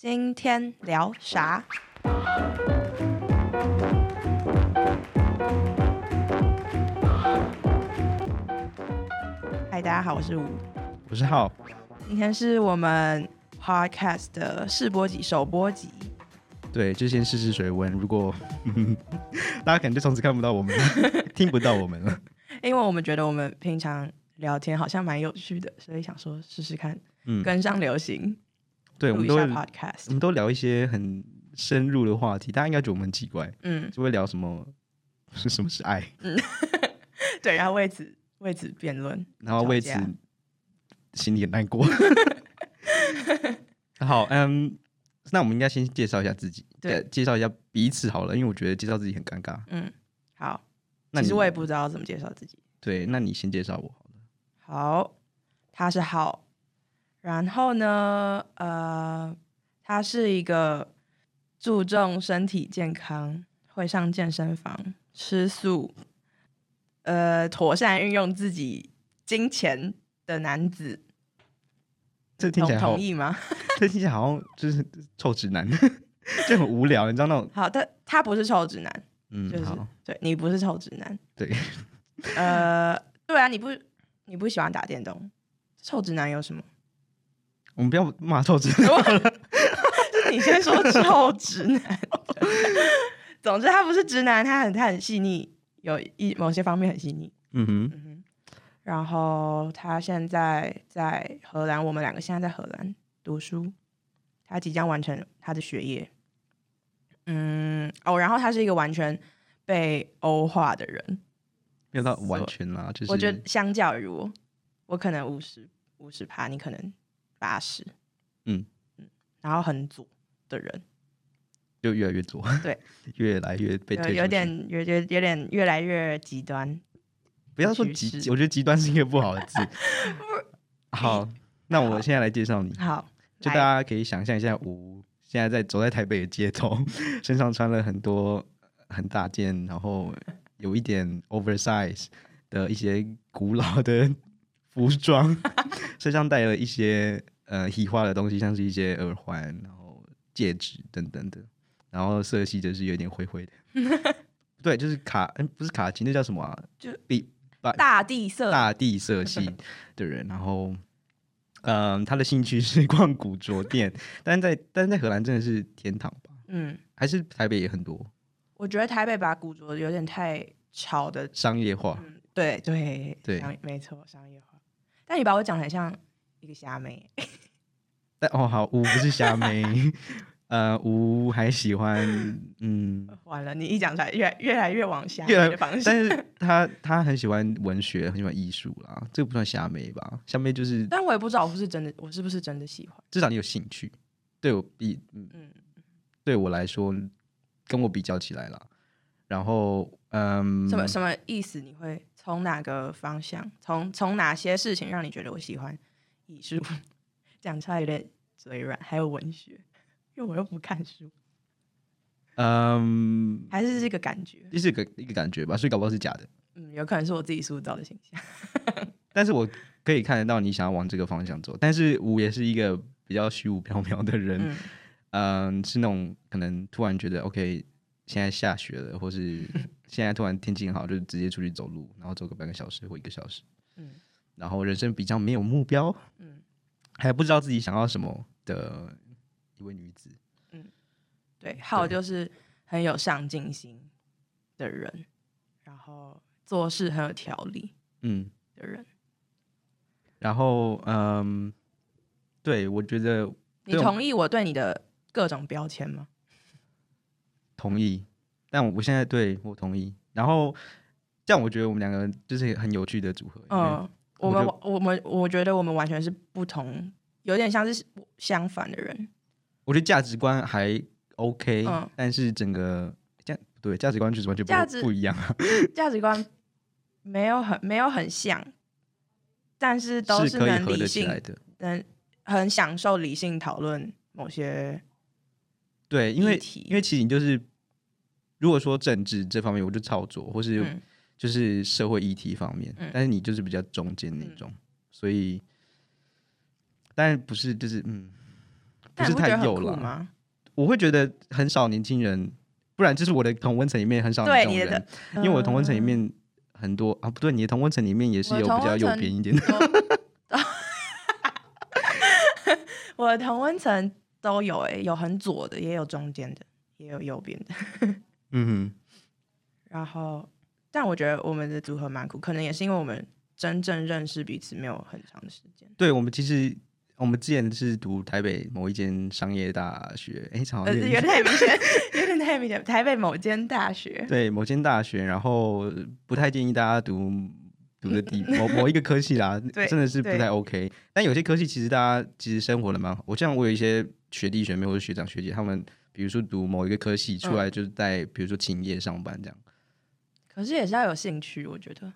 今天聊啥？嗨，大家好，我是吳，我是浩。今天是我們 podcast 的試播集、首播集。對，就先試試水溫。如果，呵呵，大家可能就從此看不到我們， 聽不到我們了。因為我們覺得我們平常聊天好像蠻有趣的，所以想說試試看，嗯、跟上流行。對，我們都我們都聊一些很深入的話題，大家應該覺得我們很奇怪，嗯，就會聊什麼，是什麼是愛？嗯、 對，然後為此為此辯論，然後為此心裡很難過。 好，嗯、um，那我們應該先介紹一下自己，對，介紹一下彼此好了，因為我覺得介紹自己很尷尬。嗯，好，那其實我也不知道怎麼介紹自己。對，那你先介紹我好了。好，他是 Hao。然後呢，呃，他是一個注重身體健康、會上健身房、吃素、呃，妥善運用自己金錢的男子。這聽起來好像，你同意嗎？這聽起來好像就是臭直男， 就很無聊， 你知道那種。好，他，他不是臭直男。嗯，好，就是，對，你不是臭直男。對。呃，對啊，你不，你不喜歡打電動。臭直男有什麼？我們不要罵，臭直男。你先說臭直男。 總之，他不是直男，他很他很細膩，有一某些方面很細膩。嗯哼，嗯哼，然後他現在在荷蘭，我們兩個現在在荷蘭讀書。他即將完成他的學業。嗯哦，然後他是一個完全被歐化的人。要到完全啦、啊，so, 就是我覺得相較於我，我可能五十五十趴，你可能。八十，嗯嗯，然後很左的人就越來越左，對，越來越被推有，有點有點有點越來越極端。不要說極，我覺得極端是一個不好的字。 好，那我現在來介紹你。好，就大家可以想象一下，我現在在走在台北的街頭，身上穿了很多很大件，然後有一點 oversize 的一些古老的。服裝，身上帶了一些呃喜歡的東西，像是一些耳環，然後戒指等等的。然後色系就是有點灰灰的， 對，就是卡嗯、欸、不是卡其，那叫什麼、啊？就比把大地色，大地色系的人。 然後，嗯、呃，他的興趣是逛古着店 但，但在但在荷蘭真的是天堂吧？嗯，還是台北也很多。我覺得台北把古着有點太炒的商業化，嗯、對對對，沒錯，商業化。但你把我講的像一個蝦妹， 但哦好，我不是蝦妹， 呃，我還喜歡，嗯，完了，你一講出來，越越來越往蝦妹的方向 。但是他他很喜歡文學，很喜歡藝術啦，這個不算蝦妹吧？蝦妹就是，但我也不知道我是真的，我是不是真的喜歡？至少你有興趣，對我比、嗯，嗯，對我來說，跟我比較起來了，然後。嗯、um,，什麼什麼意思？你會從哪個方向？從從哪些事情讓你覺得我喜歡藝術？講出來有點嘴軟，還有文學，因為我又不看書。嗯、um,，還是這個感覺，就是一個一個感覺吧，所以搞不好是假的。嗯，有可能是我自己塑造的形象， 但是我可以看得到你想要往這個方向走。但是我也是一個比較虛無縹緲的人，嗯，嗯，是那種可能突然覺得 OK。現在下雪了，或是現在突然天氣很好， 就直接出去走路，然後走個半個小時或一個小時。嗯，然後人生比較沒有目標，嗯，還不知道自己想要什麼的一位女子。嗯，對，還有就是很有上進心的人，然後做事很有條理，嗯，的人。然後，嗯，對，我覺得，你同意我對你的各種標籤嗎？同意，但我我現在對我同意，然後這樣我覺得我們兩個人就是很有趣的組合。嗯，我們我們我，我，我覺得我們完全是不同，有點像是相反的人。我覺得價值觀還 OK，嗯，但是整個價，對，價值觀就是完全價值不一樣啊，價值觀沒有很沒有很像，但是都是能理性的，能很享受理性討論某些，對，因為因為其實你就是。如果說政治這方面我就操作，或是就是社會議題方面，嗯、但是你就是比較中間那種，嗯、所以當然不是，就是嗯，不，不是太有了、啊。我會覺得很少年輕人，不然就是我的同溫層裡面很少這種人對，因為我的同溫層裡面很多、呃、啊，不對，你的同溫層裡面也是也有比較右邊一點的我。 都 我的同溫層都有、欸，哎，有很左的，也有中間的，也有右邊的。 嗯哼，然後，但我覺得我們的組合蠻酷，可能也是因為我們真正認識彼此沒有很長的時間。對，我們其實我們之前是讀台北某一間商業大學，哎，常好，有點太明顯，有點太明顯。台北某間大學，對，某間大學。然後不太建議大家讀讀的地，某某一個科系啦， 真的是不太 OK。但有些科系其實大家其實生活的蠻好。我像我有一些學弟學妹或者學長學姐他們。比如說讀某一個科系出來就是在比如說企業上班這樣，嗯，可是也是要有興趣，我覺得，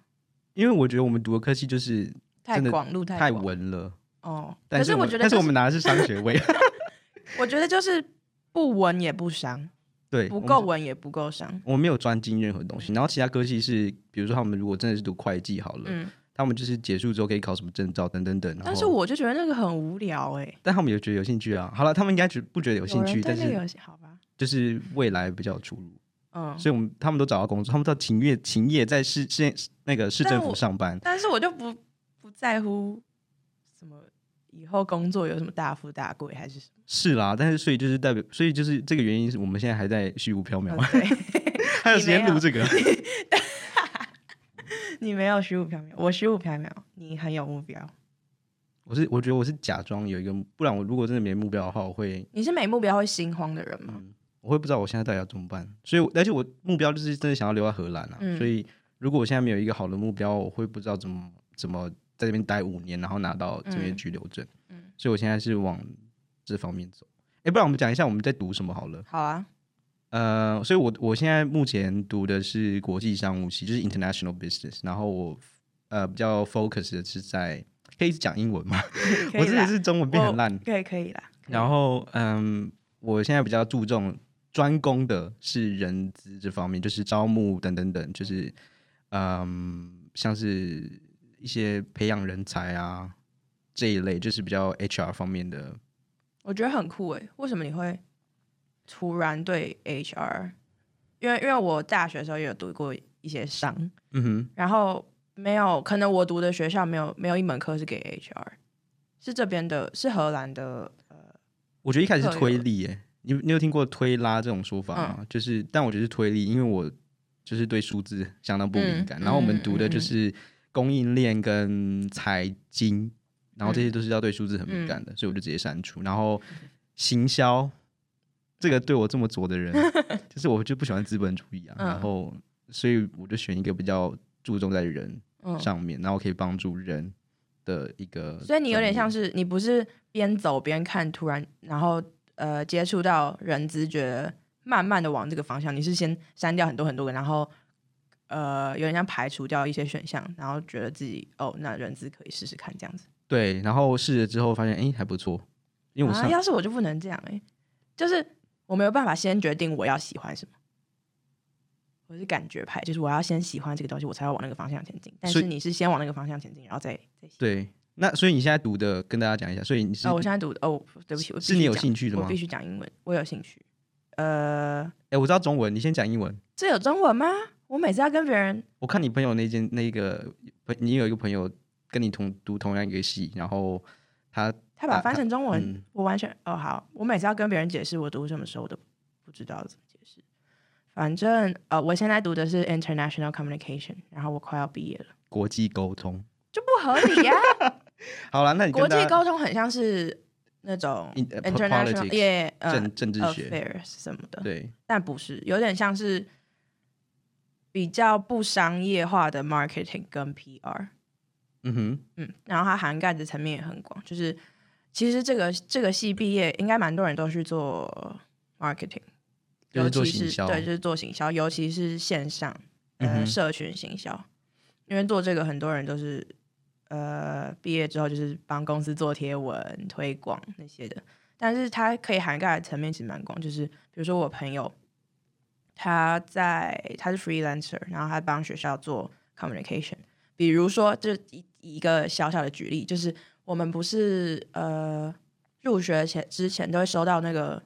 因為我覺得我們讀的科系就是太，太廣路太文了哦，但是我，可是我覺得，就是、但是我們拿的是商學位， 我覺得就是不文也不商，對，不夠文也不夠商，我沒有專精任何東西。然後其他科系是比如說他們如果真的是讀會計好了。嗯他們就是結束之後可以考什麼證照等等等，但是我就覺得那個很無聊哎、欸。但他們有覺得有興趣啊？好了，他們應該覺不覺得有興趣？但是有好吧？就是未來比較出路，嗯。所以我們他們都找到工作，他們到勤業勤業在市市，市那個市政府上班。但我，但是我就不不在乎什麼以後工作有什麼大富大貴還是什麼。是啦，但是所以就是代表，所以就是這個原因是我們現在還在虛無縹緲，啊、 還有時間錄這個。 你沒有虛無縹緲，我虛無縹緲。你很有目標。我是，我覺得我是假裝有一個，不然我如果真的沒目標的話，我會。你是沒目標會心慌的人嗎、嗯？我會不知道我現在到底要怎麼辦。所以，而且我目標就是真的想要留在荷蘭啊、嗯。所以，如果我現在沒有一個好的目標，我會不知道怎麼怎麼在這邊待五年，然後拿到這邊居留證。嗯，所以我現在是往這方面走。哎、欸，不然我們講一下我們在讀什麼好了。好啊。呃，所以我，我我現在目前讀的是國際商務系，就是 international business，然後我呃比較 focus 的是在，可以講英文嗎？可以 我自己是中文變很爛。可以可以啦。可以。然後嗯、呃，我現在比較注重專攻的是人資這方面，就是招募、等等等，就是嗯、呃，像是一些培養人才啊這一類，就是比較 HR 方面的。我覺得很酷誒、欸，為什麼你會？突然對 H R，因為因為我大學的時候也有讀過一些商，嗯哼，然後沒有，可能我讀的學校沒有沒有一門課是給 H R，是這邊的，是荷蘭的、呃，我覺得一開始是推力、欸，耶、呃，你你有聽過推拉這種說法嗎？嗯、就是，但我覺得是推力，因為我就是對數字相當不敏感、嗯，然後我們讀的就是供應鏈跟財經、嗯，然後這些都是要對數字很敏感的、嗯，所以我就直接刪除，然後行銷。這個對我這麼左的人， 就是我就不喜歡資本主義啊。嗯、然後，所以我就選一個比較注重在人上面，嗯、然後可以幫助人的一個。所以你有點像是你不是邊走邊看，突然然後呃接觸到人資覺，覺得慢慢的往這個方向？你是先刪掉很多很多個，然後呃有點像排除掉一些選項，然後覺得自己哦，那人資可以試試看這樣子。對，然後試了之後發現，哎還不錯，因為我想、啊、要是我就不能這樣哎、欸，就是。我沒有辦法先決定我要喜歡什麼，我是感覺派，就是我要先喜歡這個東西，我才要往那個方向前進。但是你是先往那個方向前進，然後再對，嗯、那所以你現在讀的跟大家講一下，所以你是……哦、我現在讀的哦，對不起，我是你有興趣的嗎？我必須講英文，我有興趣。呃，哎，我知道中文，你先講英文。這有中文嗎？我每次要跟別人……我看你朋友那間那個，你有一個朋友跟你同讀同樣一個系，然後他。他把它翻成中文，啊啊嗯、我完全哦好，我每次要跟別人解釋我讀什麼時候，我都不知道怎麼解釋。反正呃，我現在讀的是 International Communication，然後我快要畢業了。國際溝通就不合理呀、啊。 好了，那你國際溝通很像是那種 In,、uh, International yeah, 呃政政治學、uh, affairs 什麼的，對，但不是有點像是比較不商業化的 Marketing 跟 PR。嗯哼嗯，然後它涵蓋的層面也很廣，就是。其實這個這個系畢業應該蠻多人都去做 marketing，就是做行銷，對，就是做行銷，尤其是線上，嗯、嗯，社群行銷。因為做這個很多人都是，呃，畢業之後就是幫公司做貼文推廣那些的。但是它可以涵蓋的層面其實蠻廣，就是比如說我朋友他在他是 freelancer，然後他幫學校做 communication。比如說，就一一個小小的舉例，就是。我們不是呃入學前之前都會收到那個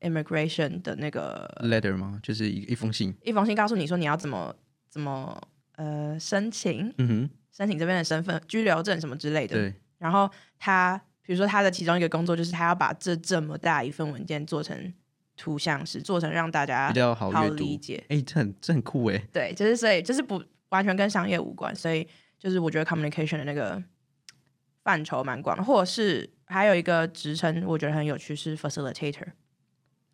immigration 的那個 letter 嗎？就是一一封信，一封信告訴你說你要怎麼怎麼呃申請，嗯哼，申請這邊的身份、居留證什麼之類的。對，然後他比如說他的其中一個工作就是他要把這這麼大一份文件做成圖像式，做成讓大家比較好，好理解。哎，這很這很酷哎、欸。對，就是所以就是不完全跟商業無關，所以就是我覺得 communication 的那個。範疇蠻廣，或者是還有一個職稱，我覺得很有趣是 facilitator，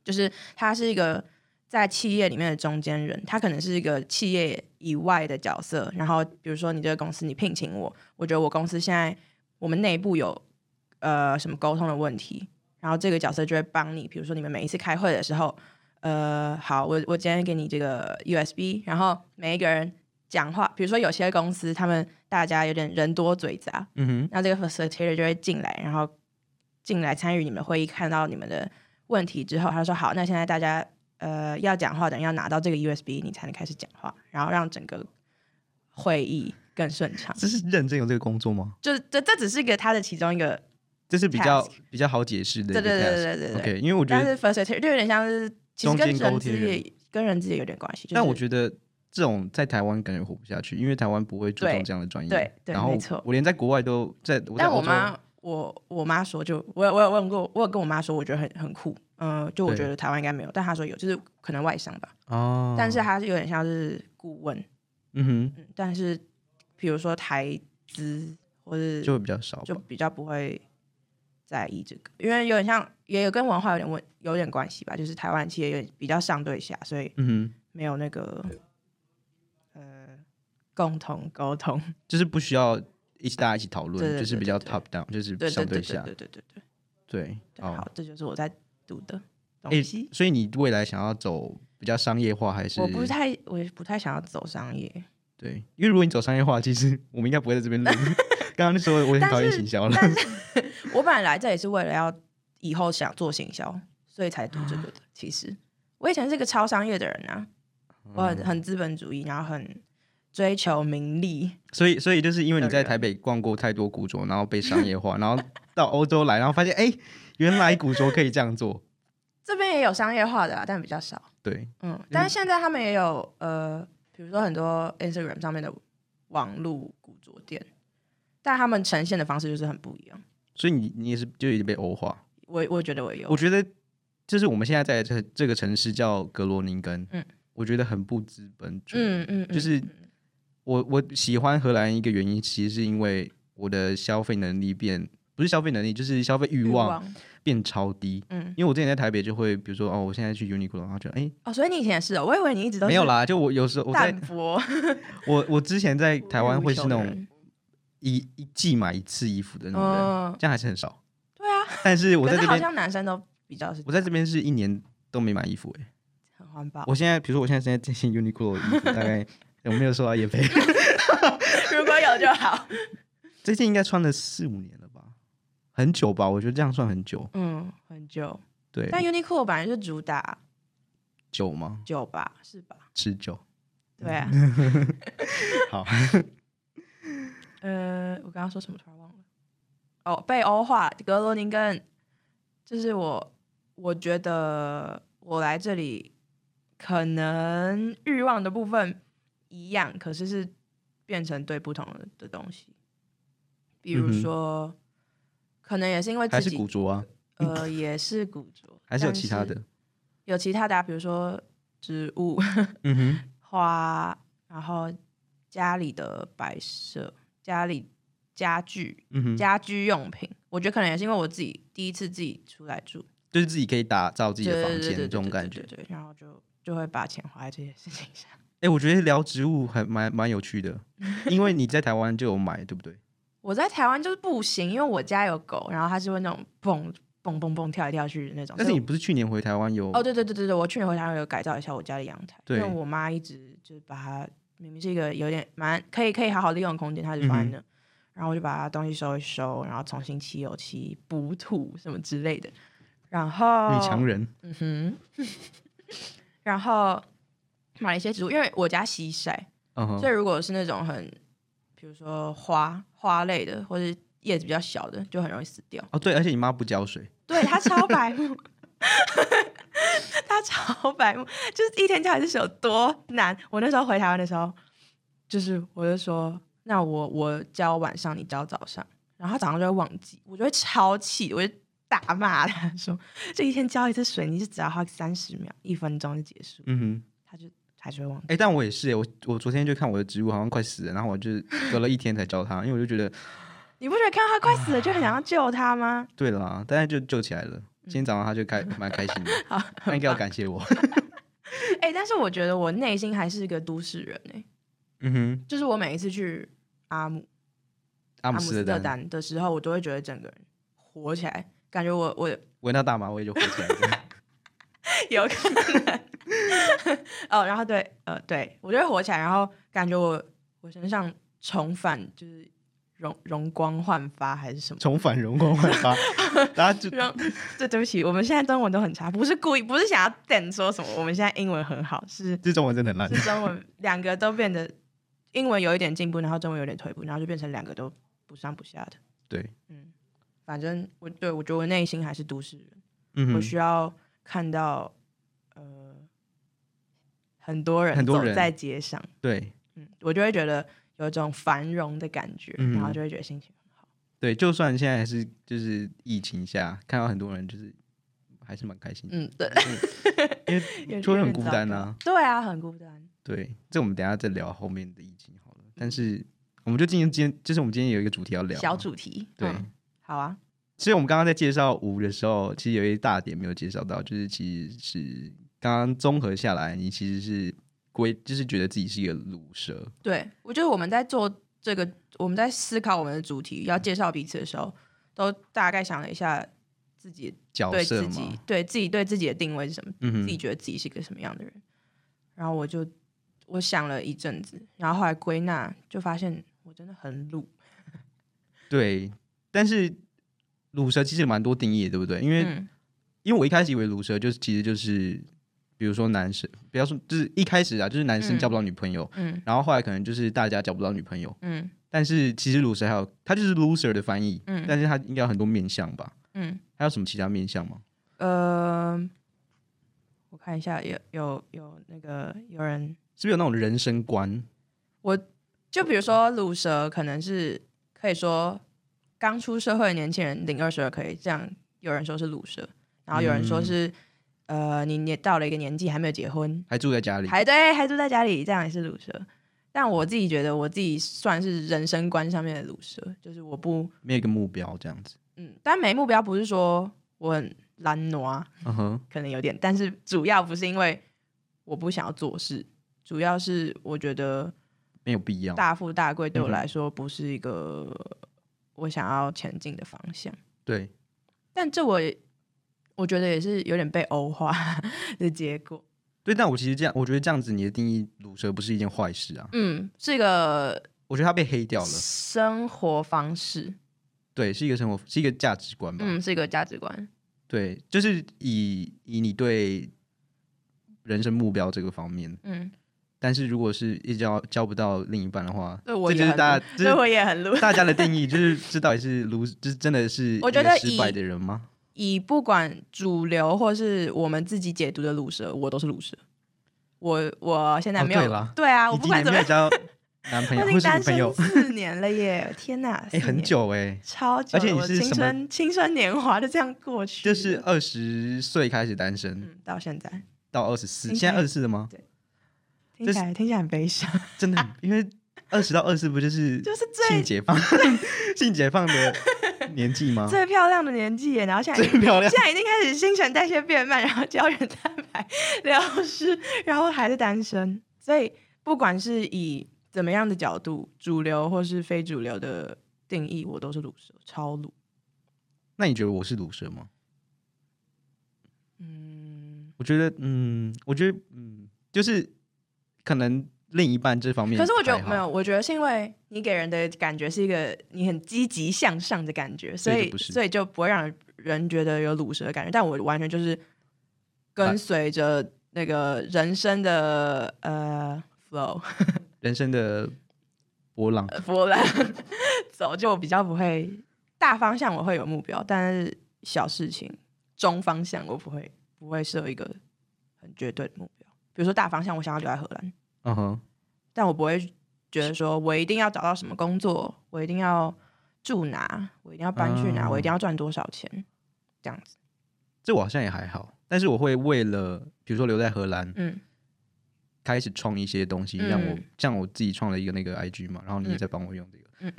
就是他是一個在企業裡面的中間人，他可能是一個企業以外的角色。然後比如說你這個公司你聘請我，我覺得我公司現在我們內部有呃什麼溝通的問題，然後這個角色就會幫你，比如說你們每一次開會的時候，呃，好，我我今天給你這個 USB，然後每一個人，講話，比如說有些公司，他們大家有點人多嘴雜，嗯哼，那這個 facilitator 就會進來，然後進來參與你們會議，看到你們的問題之後，他說好，那現在大家呃要講話，等下要拿到這個 USB，你才能開始講話，然後讓整個會議更順暢。這是認真有這個工作嗎？就是這這只是一個他的其中一個，這是比較比較好解釋的，對對對對對對，對。Okay, 因為我覺得，他是 facilitator 就有點像是，其實跟人資、跟人資有點關係。就是、但我覺得。這種在台灣感覺活不下去，因為台灣不會注重這樣的專業對對。對，然後我連在國外都在、在。但我媽，我我媽說就，就我我有問過，我有跟我媽說，我覺得很很酷。嗯、呃，就我覺得台灣應該沒有，但她說有，就是可能外商吧。哦。但是她是有點像是顧問。嗯哼。嗯，但是，比如說台資或是就比較少，就比較不會在意這個，因為有點像，也有跟文化有點問有點關係吧。就是台灣企業有點比較上對下，所以嗯，沒有那個。嗯共同溝通就是不需要一起、啊、大家一起討論，就是比較 top down，就是相對下。對對對對，對，對，對，對，對，對，、哦、對好，這就是我在讀的東西、欸。所以你未來想要走比較商業化，還是？我不太我也不太想要走商業。對，因為如果你走商業化，其實我們應該不會在這邊錄。剛剛那時候我也很討厭行銷了。我本來，來這也是為了要以後想做行銷，所以才讀這個的。啊、其實我以前是個超商業的人啊，我很資本主義，然後很。嗯追求名利，所以所以就是因為你在台北逛過太多古着，然後被商業化， 然後到歐洲來，然後發現哎、欸，原來古着可以這樣做。這邊也有商業化的、啊，但比較少。對，嗯，但是現在他們也有呃，比如說很多 Instagram 上面的網路古着店、嗯，但他們呈現的方式就是很不一樣。所以你你也是就已經被歐化。我我覺得我有。我覺得就是我們現在在這這個城市叫格羅寧根，嗯，我覺得很不資本主義，嗯嗯,嗯嗯，就是。我我喜歡荷蘭一個原因，其實是因為我的消費能力變，不是消費能力，就是消費欲望變超低。嗯，因為我之前在台北就會，比如說哦，我現在去 Uniqlo 然後就哎哦，所以你以前也是，哦，我以為你一直都沒有啦。就我有時候我在我我之前在台灣會是那種一一季買一次衣服的那種人，嗯，這樣還是很少。嗯、對啊，但是我在這邊好像男生都比較是。我在這邊是一年都沒買衣服哎，欸，很環保。我現在比如說我現在現在進 Uniqlo 衣服 大概。有沒有說啊？業配 ？如果有就好。這件應該穿了四五年了吧，很久吧？我覺得這樣算很久。嗯，很久。對。但 Uniqlo 本來是主打久嗎？久吧，是吧？持久。對啊。 好。 呃，我剛剛說什麼突然忘了。哦，被歐化格羅寧根，就是我，我覺得我來這裡可能欲望的部分一樣，可是是變成對不同的東西，比如說，嗯、可能也是因為自己還是古着啊，呃，嗯、也是古着，還是有其他的，有其他的、啊，比如說植物，嗯哼，花，然後家裡的擺設，家裡家具，嗯哼，家居用品，我覺得可能也是因為我自己第一次自己出來住，就是自己可以打造自己的房間這種感覺，對，然後就就會把錢花在這些事情上。哎、欸，我覺得聊植物還蠻蠻有趣的，因為你在台灣就有買， 對不對？我在台灣就是不行，因為我家有狗，然後它是會那種蹦蹦蹦蹦跳來跳去的那種。但是你不是去年回台灣有？哦，對對對對對，我去年回台灣有改造一下我家的陽台，對。因為我媽一直就把它明明是一個有點蠻可以可以好好利用的空間，她就翻了、嗯，然後我就把它東西收一收，然後重新起油漆、補土什麼之類的，然後。女強人。嗯哼。 然後。買一些植物，因為我家西曬，uh -huh. 所以如果是那種很，比如說花花類的，或者葉子比較小的，就很容易死掉。哦、oh,，對，而且你媽不澆水，對，她超白目，她 超白目，就是一天澆一次水有多難？我那時候回台灣的時候，就是我就說，那我我澆晚上，你澆早上，然後早上就會忘記，我就會超氣，我就大罵她，說，這一天澆一次水，你是只要花三十秒，一分鐘就結束。嗯哼，他就。哎、欸，但我也是哎，我我昨天就看我的植物好像快死了，然後我就隔了一天才澆它， 因為我就覺得，你不覺得看到它快死了就很想要救它嗎？啊、對啦、啊，但是就救起來了。今天早上它就開， 蠻開心的。 應該要感謝我。哎、 欸，但是我覺得我內心還是一個都市人呢、欸，嗯哼，就是我每一次去阿姆阿姆斯特丹，丹，丹的時候，我都會覺得整個人活起來，感覺我我聞到大麻味就活起來了。 有可能 哦，然後對，呃，對，我就會火起來，然後感覺我我身上重返就是容容光煥發還是什麼？重返容光煥發，然 後就對，對不起，我們現在中文都很差，不是故意，不是想要等說什麼，我們現在英文很好，是這是中文真的很爛，是中文兩個都變得，英文有一點進步，然後中文有點退步，然後就變成兩個都不上不下的。對，嗯，反正我對我覺得我內心還是都市人，嗯，我需要看到。呃，很多人走，很多人在街上，對，嗯，我就會覺得有一種繁榮的感覺，嗯，然後就會覺得心情很好。對，就算現在還是就是疫情下，看到很多人就是還是蠻開心。嗯，對，因為就會 很孤單啊。 對啊，很孤單。對，這我們等下再聊後面的疫情好了。但是我們就今天，今天就是我們今天有一個主題要聊，啊、小主題，嗯、對、嗯，好啊。其實我們剛剛在介紹吳的時候，其實有一大點沒有介紹到，就是其實是。剛剛綜合下來，你其實是歸就是覺得自己是一個魯蛇。對我覺得我們在做這個，我們在思考我們的主題，嗯、要介紹彼此的時候，都大概想了一下自己的角色對自己對自己對自己的定位是什麼，嗯、自己覺得自己是一個什麼樣的人。然後我就我想了一陣子，然後後來歸納，就發現我真的很魯。對，但是魯蛇其實蠻多定義的，對不對？因為、嗯、因為我一開始以為魯蛇就是其實就是。比如說男生，比方說就是一開始啊，就是男生交不到女朋友嗯，嗯，然後後來可能就是大家交不到女朋友，嗯，但是其實魯蛇還有，他就是 loser 的翻譯，嗯，但是他應該有很多面相吧，嗯，還有什麼其他面相嗎？呃，我看一下，有有有那個有人是不是有那種人生觀？我就比如說魯蛇，可能是可以說剛出社會的年輕人零二十二可以這樣，有人說是魯蛇，然後有人說是、嗯。呃，你到了一個年紀，還沒有結婚，還住在家裡，還對，還住在家裡，這樣也是魯蛇。但我自己覺得，我自己算是人生觀上面的魯蛇，就是我不沒有個目標這樣子。嗯，但沒目標不是說我很懶惰、嗯哼、可能有點，但是主要不是因為我不想要做事，主要是我覺得沒有必要，大富大貴對我來說不是一個我想要前進的方向。對，但這我。我覺得也是有點被歐化的結果。對，但我其實這樣，我覺得這樣子你的定義魯蛇不是一件壞事啊。嗯，是一個，我覺得它被黑掉了。生活方式。對，是一個生活，是一個價值觀吧。嗯，是一個價值觀。對，就是以以你對人生目標這個方面，嗯，但是如果是一交交不到另一半的話，對我也很魯，大家，很就是、大家的定義就是知道 是，是就是真的是我覺得失敗的人嗎？以不管主流或是我們自己解讀的魯蛇，我都是魯蛇。我我現在沒有、哦、對，啦對啊，我不管怎麼交男朋友或者 單身朋友四年了耶！ 天哪，哎、欸，很久哎、欸，超而且是我是青春、青春年華就這樣過去？就是二十歲開始單身、嗯、到現在，到二十四，現在二十四的嗎？對，聽起來、就是、聽起來很悲傷、啊，真的很，因為二十到二十四不就是就是最性解放 性解放的。年紀嗎？最漂亮的年紀耶，然後現在已，現在已經開始新陳代謝變慢，然後膠原蛋白流失，然後還是單身。所以不管是以怎麼樣的角度，主流或是非主流的定義，我都是魯蛇。超魯。那你覺得我是魯蛇嗎？嗯，我覺得，嗯，我覺得，嗯，就是可能。另一半這方面，可是我覺得沒有，我覺得是因為你給人的感覺是一個你很積極向上的感覺，所以所以，所以就不會讓人覺得有魯蛇的感覺。但我完全就是跟隨着那個人生的呃 flow， 人生的波浪波浪走，就我比較不會大方向，我會有目標，但是小事情中方向我不會不會設一個很絕對的目標。比如說大方向，我想要留在荷蘭。嗯哼，但我不會覺得說我一定要找到什麼工作，我一定要住哪，我一定要搬去哪，呃、我一定要賺多少錢，這樣子。這我好像也還好，但是我會為了比如說留在荷蘭，嗯，開始創一些東西，讓我、嗯、像我自己創了一個那個 IG 嘛，然後你也在幫我用這個，嗯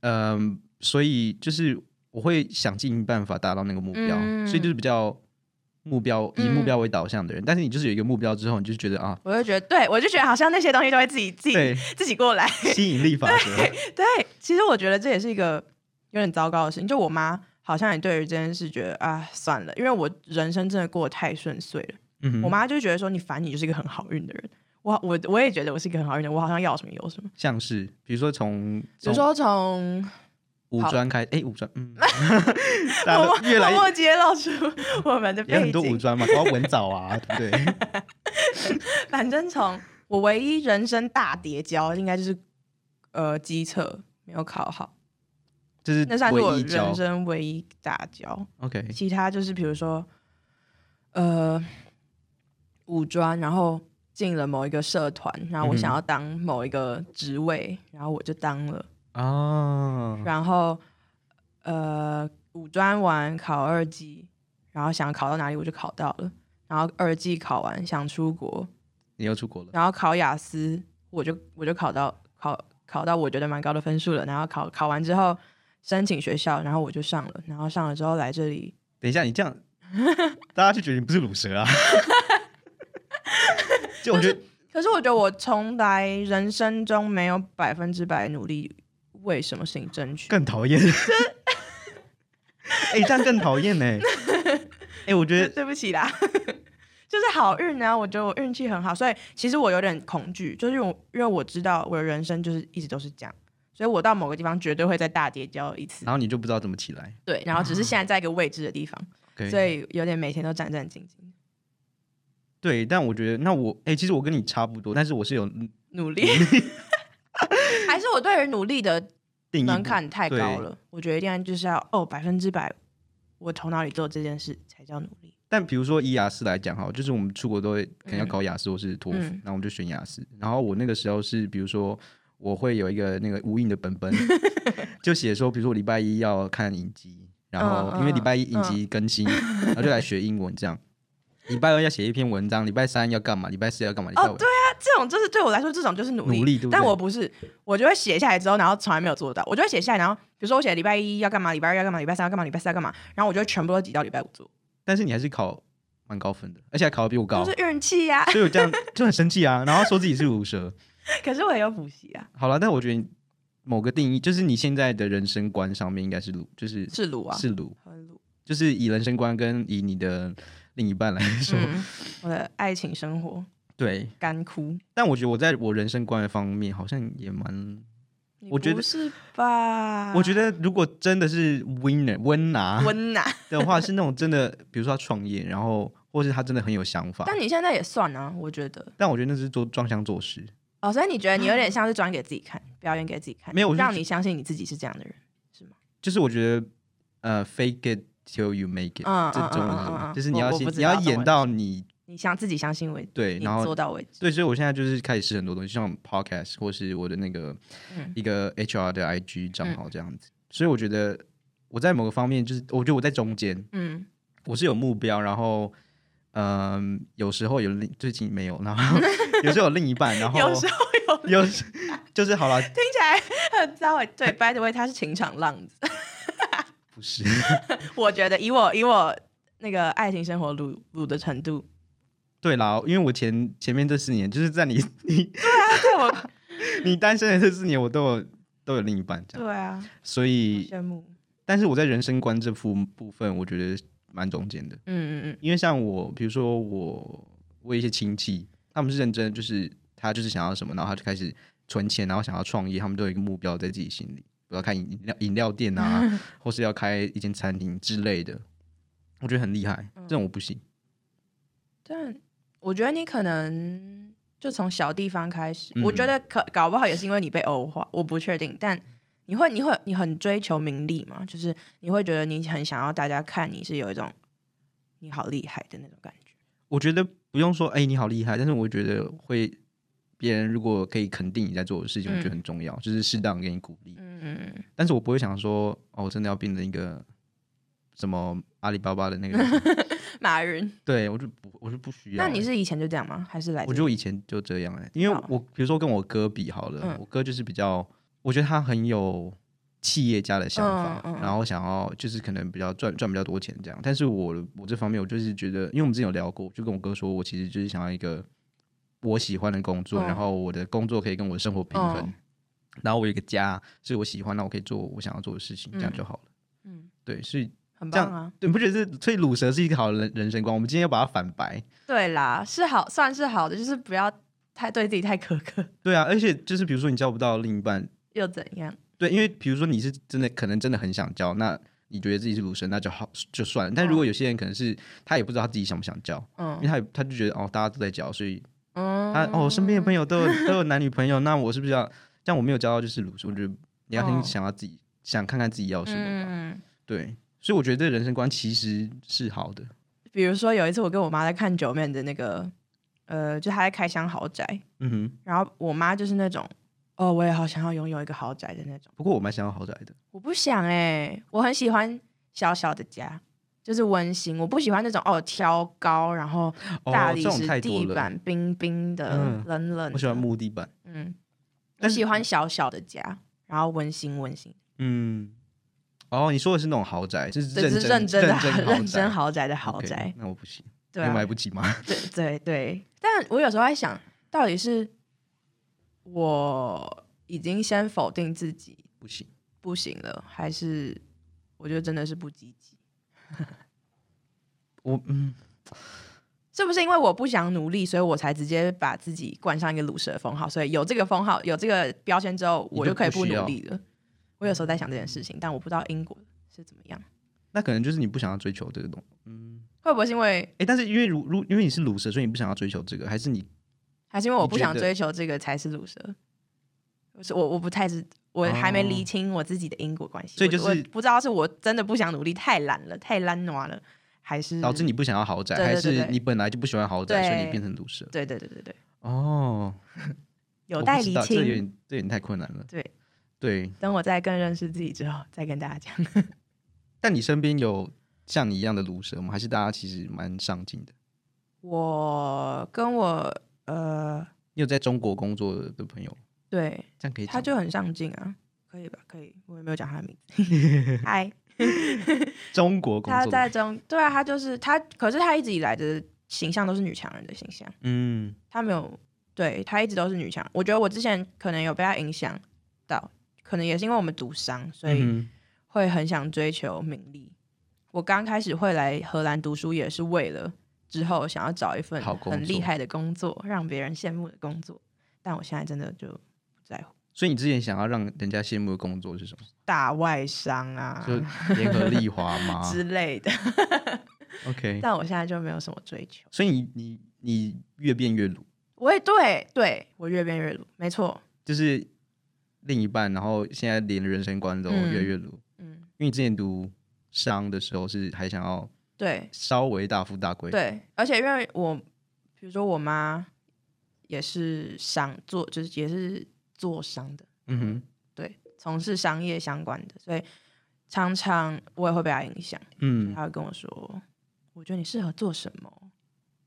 嗯，um, 所以就是我會想盡辦法達到那個目標，嗯，所以就是比較。目標，以目標為導向的人，嗯，但是你就是有一個目標之後，你就覺得啊，我就覺得，對，我就覺得好像那些東西都會自己自己自己過來，吸引力法則。對，其實我覺得這也是一個有點糟糕的事情。就我媽好像也對於這件事覺得啊，算了，因為我人生真的過得太順遂了。嗯，我媽就覺得說，你煩，你就是一個很好運的人。我我我也覺得我是一個很好運的人，我好像要什麼有什麼。像是比如說從，比如說從。五專開誒，五專、欸、嗯，我 們來莫杰老師， 能能我們的。有很多五專嘛，包括文藻啊， 對不對？反正從我唯一人生大跌跤，應該就是呃基測沒有考好，就是那算是我人生唯一大跤。OK，其他就是比如說呃五專，然後進了某一個社團，然後我想要當某一個職位，嗯、然後我就當了。哦、oh.，然後，呃，五專完考二級，然後想考到哪裡我就考到了，然後二級考完想出國，你又出國了，然後考雅思，我就我就考到考考到我覺得蠻高的分數了，然後考考完之後申請學校，然後我就上了，然後上了之後來這裡，等一下你這樣， 大家就覺得你不是魯蛇啊， 就我覺得、就是，可是我覺得我從來人生中沒有百分之百努力。為什麼事情爭取更討厭？哎 欸，這樣更討厭哎！哎、欸，我覺得對不起啦，就是好運啊！我覺得我運氣很好，所以其實我有點恐懼，就是因為我知道我的人生就是一直都是這樣，所以我到某個地方絕對會再大跌跤一次，然後你就不知道怎麼起來。對，然後只是現在在一個未知的地方，啊、所以有點每天都戰戰兢兢。對，但我覺得那我哎、欸，其實我跟你差不多，但是我是有努力， 還是我對於努力的。門檻太高了，我覺得一定要就是要哦百分之百，我頭腦裡做這件事才叫努力。但比如說以雅思來講哈，就是我們出國都會可能要考雅思或是托福，那、嗯嗯、我們就選雅思。然後我那個時候是比如說我會有一個那個無印的本本， 就寫說比如說我禮拜一要看影集，然後因為禮拜一影集更新、嗯嗯嗯，然後就來學英文這樣。禮拜二要寫一篇文章，禮拜三要幹嘛？禮拜四要幹嘛，禮拜五。哦，對啊，這種就是對我來說，這種就是努力，努力，對不對？但我不是，我就會寫下來之後，然後從來沒有做到。我就會寫下來，然後比如說我寫禮拜一要幹嘛，禮拜二要幹嘛，禮拜三要幹嘛，禮拜四要幹嘛，然後我就會全部都擠到禮拜五做。但是你還是考蠻高分的，而且還考的比我高，都是運氣呀，啊。 所以我這樣就很生氣啊，然後說自己是魯蛇。 可是我也有補習啊。好了，但我覺得某個定義就是你現在的人生觀上面應該是魯，就是是魯啊，是魯，很魯，就是以人生觀跟以你的。另一半來說、嗯，我的愛情生活 對，乾枯。但我覺得我在我人生觀念方面好像也蠻……我覺得不是吧？我覺得如果真的是 winner 溫拿溫拿的話，是那種真的， 比如說他創業，然後或是他真的很有想法。但你現在也算啊，我覺得。但我覺得那是做裝腔作勢哦。所以你覺得你有點像是裝給自己看、嗯，表演給自己看，沒有、就是、讓你相信你自己是這樣的人，是嗎？就是我覺得呃，fake it。Till you make it，、嗯、這種就是你要先你要演到你你想自己相信為止，對，你然後做到為止，對。所以我現在就是開始試很多東西，像 Podcast 或是我的那個、嗯、一個 HR 的 IG 賬號這樣子、嗯。所以我覺得我在某個方面就是，我覺得我在中間，嗯，我是有目標，然後嗯，有時候有，最近沒有，然後有時候有另一半， 然後有時候有另一半，然後有，有時候有另一半 就是好了，聽起來很糟哎、欸。對 ，By the way，他是情場浪子。不是， 我覺得以我以我那個愛情生活魯魯的程度，對啦，因為我前前面這四年就是在你你對、啊、對我 你單身的這四年，我都有都有另一半這樣，對啊，所以羨慕，但是我在人生觀這部部分，我覺得蠻中間的，嗯嗯嗯。因為像我，比如說我我有一些親戚，他們是認真的，就是他就是想要什麼，然後他就開始存錢，然後想要創業，他們都有一個目標在自己心裡。我要開飲飲料店啊， 或是要開一間餐廳之類的，我覺得很厲害、嗯。這種我不行。但我覺得你可能就從小地方開始。嗯、我覺得可搞不好也是因為你被歐化，我不確定。但你會你會你很追求名利嗎？就是你會覺得你很想要大家看你是有一種你好厲害的那種感覺。我覺得不用說，哎、欸，你好厲害。但是我覺得會。別人如果可以肯定你在做的事情，我覺得很重要，嗯、就是適當給你鼓勵。嗯，但是我不會想說，哦，我真的要變成一個什麼阿里巴巴的那個馬雲。 對，我就我是不需要、欸。那你是以前就這樣嗎？還是來？我就以前就這樣哎、欸，因為我、哦、比如說跟我哥比好了、嗯，我哥就是比較，我覺得他很有企業家的想法，嗯嗯嗯然後想要就是可能比較賺賺比較多錢這樣。但是我我這方面我就是覺得，因為我們之前有聊過，就跟我哥說我其實就是想要一個。我喜歡的工作、嗯，然後我的工作可以跟我的生活平衡、嗯，然後我有一個家，是我喜歡，那我可以做我想要做的事情，這樣就好了。嗯，對，所以很棒啊！你不覺得是？所以魯蛇是一個好的人人生觀。我們今天要把它反白。對啦，是好，算是好的，就是不要太對自己太苛刻。對啊，而且就是比如說你交不到另一半又怎樣？對，因為比如說你是真的可能真的很想交，那你覺得自己是魯蛇，那就好就算了、嗯。但如果有些人可能是他也不知道他自己想不想交，嗯，因為他他就覺得哦大家都在交，所以。他、啊、哦，身邊的朋友都有都有男女朋友， 那我是不是要像我沒有交到就是魯蛇？我覺得你要先想要自己、哦、想看看自己要什麼。嗯，對，所以我覺得這人生觀其實是好的。比如說有一次我跟我媽在看 Joeman 的那個，呃，就她在開箱豪宅。嗯哼。然後我媽就是那種，哦，我也好想要擁有一個豪宅的那種。不過我蠻想要豪宅的。我不想哎、欸，我很喜歡小小的家。就是溫馨，我不喜歡那種哦挑高，然後大理石地板，哦、冰冰的、嗯、冷冷的。我喜歡木地板，嗯，我喜歡小小的家，嗯、然後溫馨溫馨。嗯，哦，你說的是那種豪宅，這、就是就是認真的認真，豪宅認真豪宅的豪宅。Okay, 那我不行，對、啊，買不起嗎？對對對，但我有時候在想到底是我已經先否定自己不，不行不行了，還是我覺得真的是不積極。 我嗯，是不是因為我不想努力，所以我才直接把自己冠上一個“魯蛇”封號？所以有這個封號、有這個標籤之後，我就可以不努力了。我有時候在想這件事情、嗯，但我不知道英國是怎麼樣。那可能就是你不想要追求這個東，嗯，會不會是因為、欸、但是因為如如因為你是魯蛇，所以你不想要追求這個，還是你還是因為我不想追求這個才是魯蛇？我是我我不太是。我還沒理清我自己的因果關係、哦，所以就是不知道是我真的不想努力，太懶了，太懶惰了，還是導致你不想要豪宅對對對對，還是你本來就不喜歡豪宅，所以你變成魯蛇？對，對對對對對，哦，有待理解。這有點這點太困難了。對對，等我再更認識自己之後，再跟大家講。 但你身邊有像你一樣的魯蛇嗎？我還是大家其實蠻上進的。我跟我呃，你有在中國工作的朋友。對，這樣可以。他就很上進啊，可以吧？可以，我也沒有講他的名字。嗨 Hi， 中國工作，他在中，對啊，他就是他，可是他一直以來的形象都是女強人的形象。嗯，他沒有，對他一直都是女強。我覺得我之前可能有被他影響到，可能也是因為我們讀商，所以會很想追求名利。嗯嗯，我剛開始會來荷蘭讀書，也是為了之後想要找一份很厲害的工作，工作讓別人羨慕的工作。但我現在真的就。在乎，所以你之前想要讓人家羨慕的工作是什麼？大外商啊，就聯合利華嘛之類的。 OK，但我現在就沒有什麼追求。所以你你你越變越魯，我也對對，我越變越魯，沒錯。就是另一半，然後現在連人生觀都越來越魯。嗯，嗯，因為你之前讀商的時候是還想要對稍微大富大貴。對，而且因為我比如說我媽也是想做，就是也是。做商的，嗯哼，對，從事商業相關的，所以常常我也會被他影響，嗯，他會跟我說，我覺得你適合做什麼，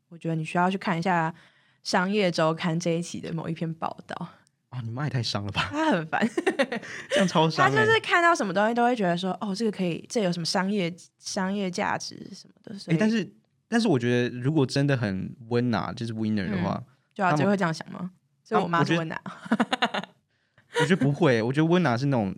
我覺得你需要去看一下《商業週刊》這一期的某一篇報道。哦，你媽也太商了吧！他很煩， 這樣超商、欸、他就是看到什麼東西都會覺得說，哦，這個可以，這有什麼商業商業價值什麼的所以。但是，但是我覺得如果真的很 winner 就是 winner 的話，對、嗯、啊，就會這樣想嗎？啊、所以我媽是溫拿，我覺得， 我覺得不會。我覺得溫拿是那種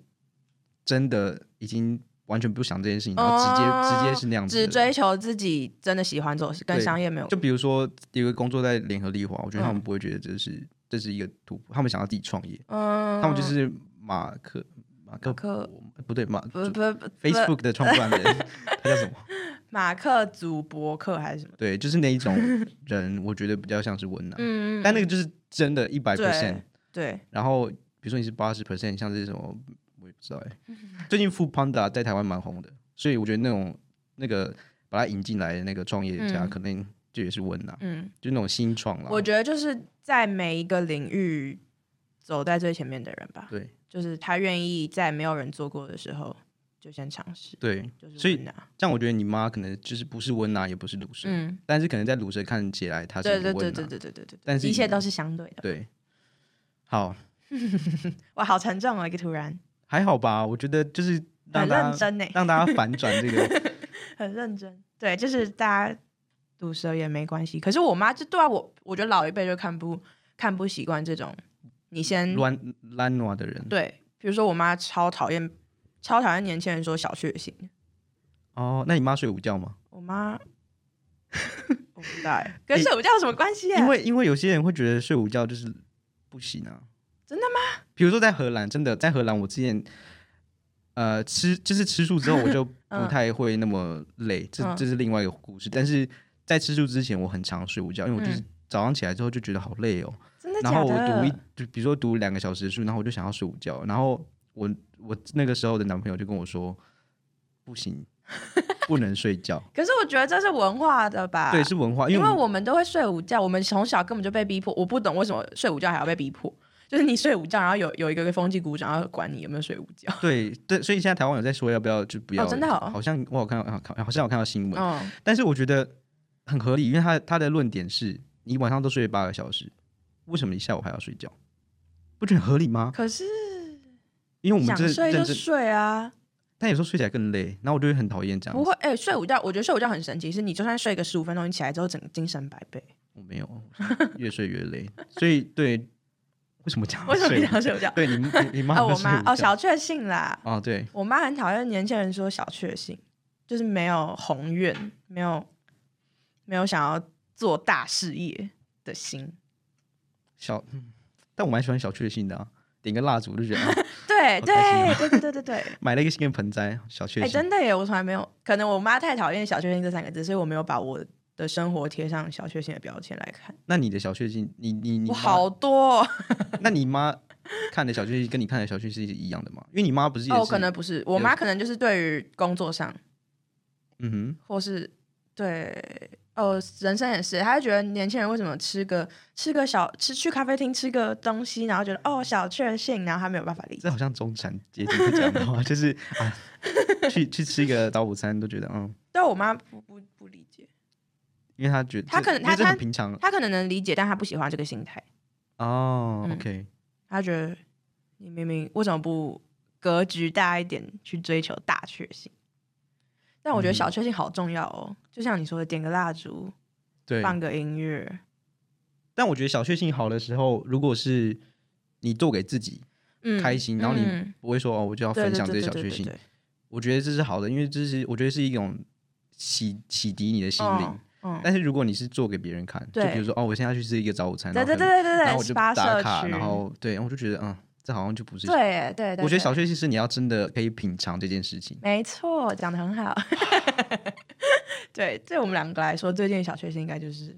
真的已經完全不想這件事情，然後直接、哦、直接是那樣子的，只追求自己真的喜歡做，跟商業沒有。就比如說，有個工作在聯合利華，我覺得他們不會覺得這是、嗯、這是一個突破，他們想要自己創業。嗯、哦，他們就是馬克馬克，馬克不對馬不不，不，不 Facebook 的創辦人，哎、他叫什麼？ 馬克祖伯克還是什麼？對，就是那一種人，我覺得比較像是溫拿。嗯 但那個就是真的100，一百 percent。對。然後比如說你是八十 percent，像這種我也不知道哎、欸。 最近富胖達在台灣蠻紅的，所以我覺得那種那個把他引進來的那個創業家，肯 定就也是溫拿。嗯。 就那種新創了。我覺得就是在每一個領域走在最前面的人吧。對，就是他願意在沒有人做過的時候。就先嘗試，對，就是、所以這樣我覺得你媽可能就是不是溫拿，嗯，也不是魯蛇，嗯，但是可能在魯蛇看起來，她是溫拿，對對對對對對對，對，但是一切都是相對的，對。好，我 好沉重啊，一個突然，還好吧？我覺得就是讓大家很認真，讓大家反轉這個， 很認真，對，就是大家魯蛇也沒關係。可是我媽就對啊，我我覺得老一輩就看不看不習慣這種，你先亂，亂亂挪的人，對，比如說我媽超討厭。超討厭年輕人說小確幸。哦，那你媽睡午覺嗎？我媽， 我不帶。跟睡午覺有什麼關係、欸欸呃？因為因為有些人會覺得睡午覺就是不行啊。真的嗎？比如說在荷蘭，真的在荷蘭，我之前呃吃就是吃素之後，我就不太會那麼累。 嗯、這這是另外一個故事。但是在吃素之前，我很常睡午覺，因為我就是早上起來之後就覺得好累哦。真的假的？然後我讀一，就比如說讀兩個小時的書，然後我就想要睡午覺，然後我。我那個時候的男朋友就跟我說：“不行，不能睡覺。 ”可是我覺得這是文化的吧？對，是文化因，因為我們都會睡午覺。我們從小根本就被逼迫。我不懂為什麼睡午覺還要被逼迫。就是你睡午覺，然後有有一個，有一個風紀股長，然後管你有沒有睡午覺。對對，所以現在台灣有在說要不要就不要。哦、真的、哦、好像我有看到好像好像有看到新聞。哦，但是我覺得很合理，因為他的他的論點是你晚上都睡八個小時，為什麼你下午還要睡覺？不覺得合理嗎？可是。因為我想睡就睡啊，但有時候睡起來更累，然後我就會很討厭這樣。不會，哎、欸，睡午覺，我覺得睡午覺很神奇，是，你就算睡一個十五分鐘，你起來之後，整個精神百倍。我沒有，越睡越累。 所以，對，為什麼講？為什麼你講睡午覺？對，你你媽，我媽哦，小確幸啦。哦，對，我媽很討厭年輕人說小確幸，就是沒有宏願，沒有沒有想要做大事業的心。小，嗯、但我蠻喜歡小確幸的、啊，點個蠟燭就覺得、啊。 對對對對對對對，哦、對了 買了一個新的盆栽，小確幸、欸。真的耶，我從來沒有，可能我媽太討厭“小確幸”這三個字，所以我沒有把我的生活貼上“小確幸”的標籤來看。那你的小確幸，你你你我好多、哦。 那你媽看的小確幸跟你看的小確幸是一樣的嗎？因為你媽不是一哦，可能不是，我媽可能就是對於工作上，嗯哼，或是對。哦，人生也是，他就覺得年輕人為什麼吃個吃個小吃、去咖啡廳吃個東西，然後覺得哦，小確幸，然後他沒有辦法理解。這好像中產階級講的話， 就是啊， 去去吃個早午餐都覺得嗯。但我媽不不不理解，因為她覺得她可能他很平常，她可能能理解，但她不喜歡這個心態。哦、嗯，OK，她覺得你明明為什麼不格局大一點去追求大確幸？但我覺得小確幸好重要哦。嗯就像你說的，點個蠟燭，放個音樂。但我覺得小確幸好的時候，如果是你做給自己開心，嗯、然後你不會說、嗯、哦，我就要分享這些小確幸。我覺得這是好的，因為這是我覺得是一種洗洗滌你的心靈、嗯嗯。但是如果你是做給別人看，就比如說哦，我現在要去吃一個早午餐，對對對對對，然後我就打卡，然後對，然後我就覺得嗯，這好像就不是對對，對對。我覺得小確幸是你要真的可以品嘗這件事情。沒錯，講得很好。 對，對我們兩個來說，最近的小確幸應該就是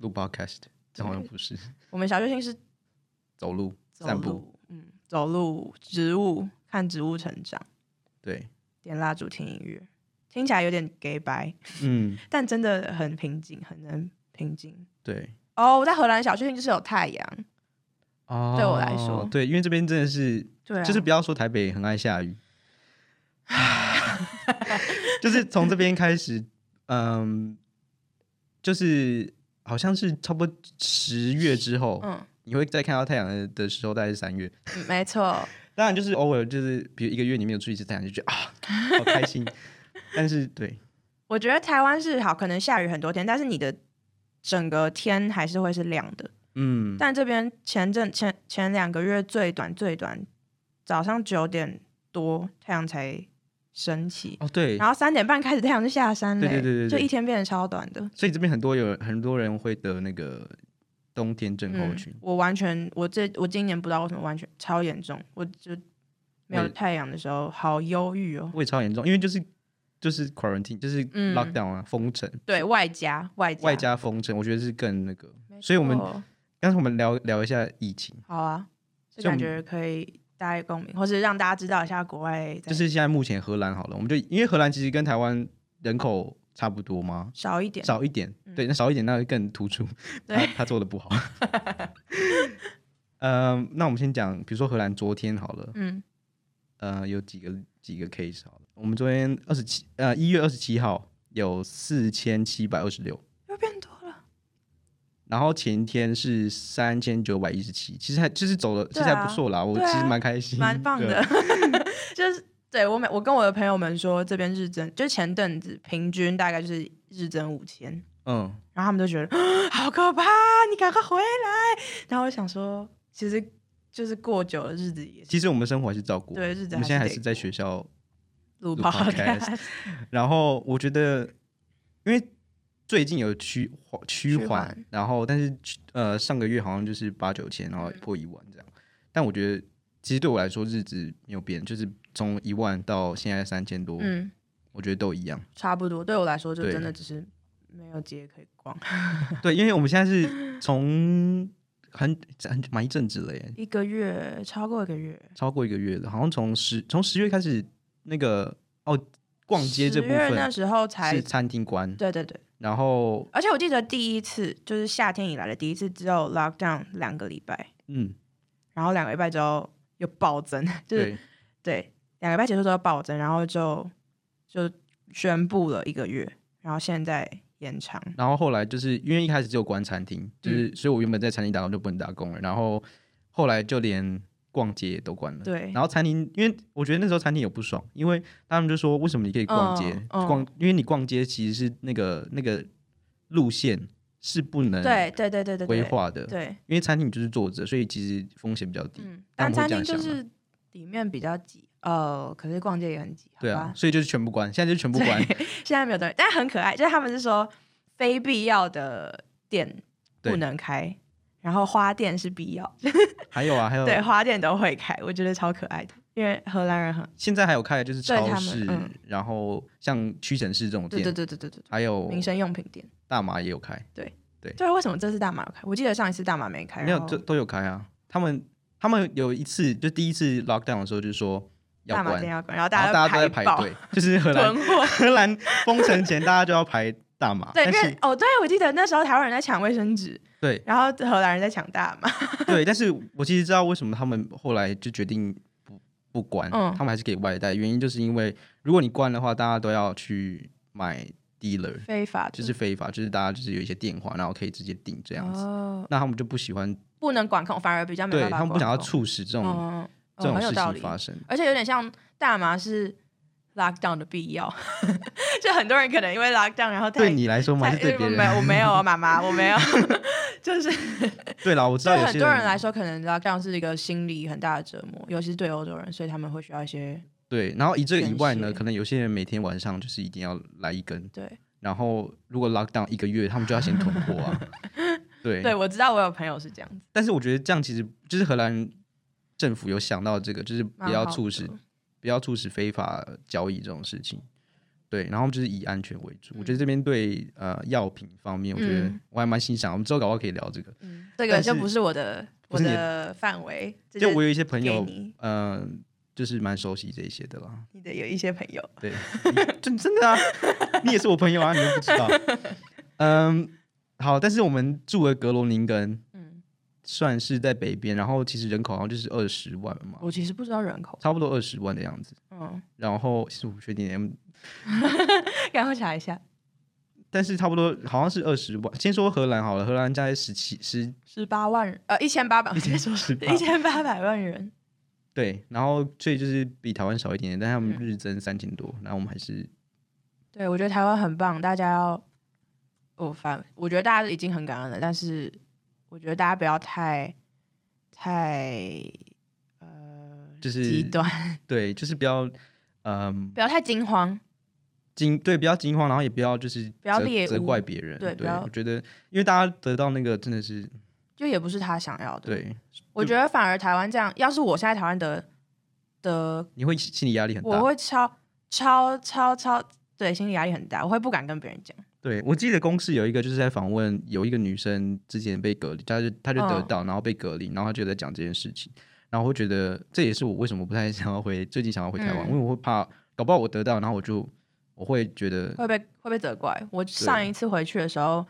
錄播 cast，好像不是。我們小確幸是走路、走路、散步，嗯，走路、植物、看植物成長，對，點蠟燭聽音樂，聽起來有點 gay 掰嗯，但真的很平靜，很能平靜。對，哦、oh，我在荷蘭小確幸就是有太陽，oh, 對我來說，對，因為這邊真的是，對啊、就是不要說台北很愛下雨， 就是從這邊開始。 嗯、um，就是好像是差不多十月之後，嗯，你會再看到太陽的時候大概是三月，嗯，沒錯。當然就是偶爾就是比如一個月你沒有出現太陽，就覺得啊好開心， 但是對，我覺得台灣是好，可能下雨很多天，但是你的整個天還是會是亮的，嗯。但這邊前陣前前兩個月最短最短，早上九點多太陽才。神奇哦，對，然後三點半開始太陽就下山了。對對對，對，對，就一天變得超短的。所以這邊很多有很多人會得那個冬天症候群、嗯。我完全，我這我今年不知道為什麼完全超嚴重，我就沒有太陽的時候好憂鬱哦。會超嚴重，因為就是就是 quarantine 就是 lockdown 啊，嗯、封城，對外加、外加、外加封城，我覺得是更那個。所以我們剛才我們聊聊一下疫情。好啊，就感覺可以。大家也共鳴，或是讓大家知道一下國外，就是現在目前荷蘭好了，我們就因為荷蘭其實跟台灣人口差不多嘛，少一點，少一點、嗯，對，那少一點那就更突出，他他做的不好。 嗯，那我們先講，比如說荷蘭昨天好了，嗯，呃、有幾個幾個 case 好了，我們昨天二十七，呃，一月二十七號有四千七百二十六，有變多。然後前天是三千九百一十七，其實還就是走了，其實還、啊、不錯啦。我其實蠻開心，啊、蠻棒的。 就是對我每我跟我的朋友們說，這邊日增就前陣子平均大概就是日增五千。嗯，然後他們都覺得好可怕，你趕快回來。然後我想說，其實就是過久了日子也。其實我們生活還是照顧對，日子我們現在還是在學校錄 podcast 然後我覺得因為。最近有趨趨緩，然後但是呃上個月好像就是八九千，然後一破一萬這樣、嗯。但我覺得其實對我來說日子沒有變，就是從一萬到現在三千多，嗯，我覺得都一樣，差不多。對我來說就真的只是沒有街可以逛。對， 對因為我們現在是從很很蠻一陣子了耶，一個月，超過一個月，超過一個月了，好像從十從十月開始那個哦。逛街這，因為那時候才，是餐廳關，對對對。然後，而且我記得第一次就是夏天以來的第一次只有 lock down 兩個禮拜，嗯，然後兩個禮拜之後又暴增，就是對，對，兩個禮拜結束之後暴增，然後就就宣布了一個月，然後現在延長。然後後來就是因為一開始只有關餐廳，就是、嗯、所以我原本在餐廳打工就不能打工了，然後後來就連。逛街也都關了，對。然後餐廳，因為我覺得那時候餐廳也不爽，因為他們就說：“為什麼你可以逛街、嗯、逛、嗯？因為你逛街其實是那個那個路線是不能對，對對對對對規劃的，對。因為餐廳你就是坐着，所以其實風險比較低。嗯、但、啊、餐廳就是裡面比較擠，呃、哦，可是逛街也很擠。對啊，所以就是全部關。現在就是全部關，現在沒有東西，但很可愛。就是他們是說非必要的店不能開，然後花店是必要。 ”還有啊，還有對，花店都會開，我覺得超可愛的，因為荷蘭人很。現在還有開的就是超市，對他們嗯、然後像屈臣氏這種店，對對對對對對，還有民生用品店，大麻也有開，對對。對，為什麼這次大麻有開？我記得上一次大麻沒開，沒有這都有開啊。他們他們有一次就第一次 lockdown 的時候，就是說要關，大麻今天要關，然後大家後大家都在排隊，就是荷蘭荷蘭封城前大家就要排。 大麻對，因為，哦，對我記得那時候台灣人在搶衛生紙，對，然後荷蘭人在搶大麻， 對。但是我其實知道為什麼他們後來就決定不不關，嗯，他們還是給外帶。原因就是因為如果你關的話，大家都要去買 dealer 非法的，就是非法，就是大家就是有一些電話，然後可以直接訂這樣子。哦，那他們就不喜歡，不能管控，反而比較沒辦法管控。對他們不想要促使這種、哦、這種事情發生。哦，而且有點像大麻是。lockdown 的必要， 就很多人可能因為 lockdown 然後，對你來說嗎？是對，沒，我沒有啊，媽媽，我沒有， 就是對啦，我知道。很多人來說，可能 lockdown 是一個心理很大的折磨，尤其是對歐洲人，所以他們會需要一些對。然後以這個以外呢，可能有些人每天晚上就是一定要來一根對。然後如果 lockdown 一個月，他們就要先囤貨啊 對。對，對我知道我有朋友是這樣子，但是我覺得這樣其實就是荷蘭政府有想到這個，就是也要促使。不要促使非法交易這種事情，對，然後就是以安全為主。嗯、我覺得這邊對呃藥品方面，我覺得我還蠻欣賞。我們之後搞不好可以聊這個、嗯，這個就不是我的，不是你我的範圍，就，就，就我有一些朋友，嗯、呃，就是蠻熟悉這些的啦。你的有一些朋友，對，就真的啊， 你也是我朋友啊，你都不知道。 嗯，好，但是我們住的格羅寧根。算是在北邊，然後其實人口好像就是二十萬嘛。我其實不知道人口，差不多二十萬的樣子。嗯，然後其實我不確定，哈趕快查一下。但是差不多好像是二十萬。先說荷蘭好了，荷蘭加在十七十十八萬人呃一千八百，先說是一千八百萬人。對，然後所以就是比台灣少一點點，但他們日增三千多，嗯，然後我們還是，對我覺得台灣很棒，大家要我反我覺得大家已經很感恩了，但是。我覺得大家不要太太呃，就是極端，對，就是不要嗯、呃、不要太驚慌，驚對，不要驚慌，然後也不要就是不要責責怪別人，對，不要。我覺得，因為大家得到那個真的是，就也不是他想要的。對，我覺得反而台灣這樣，要是我現在台灣得得，你會心理壓力很大，我會超超超超，對，心理壓力很大，我會不敢跟別人講。對，我記得公司有一個就是在訪問，有一個女生之前被隔離，她就她就得到、哦，然後被隔離，然後她就在講這件事情，然後會覺得這也是我為什麼不太想要回，最近想要回台灣，嗯、因為我會怕搞不好我得到，然後我就我會覺得會被會被責怪。我上一次回去的時候，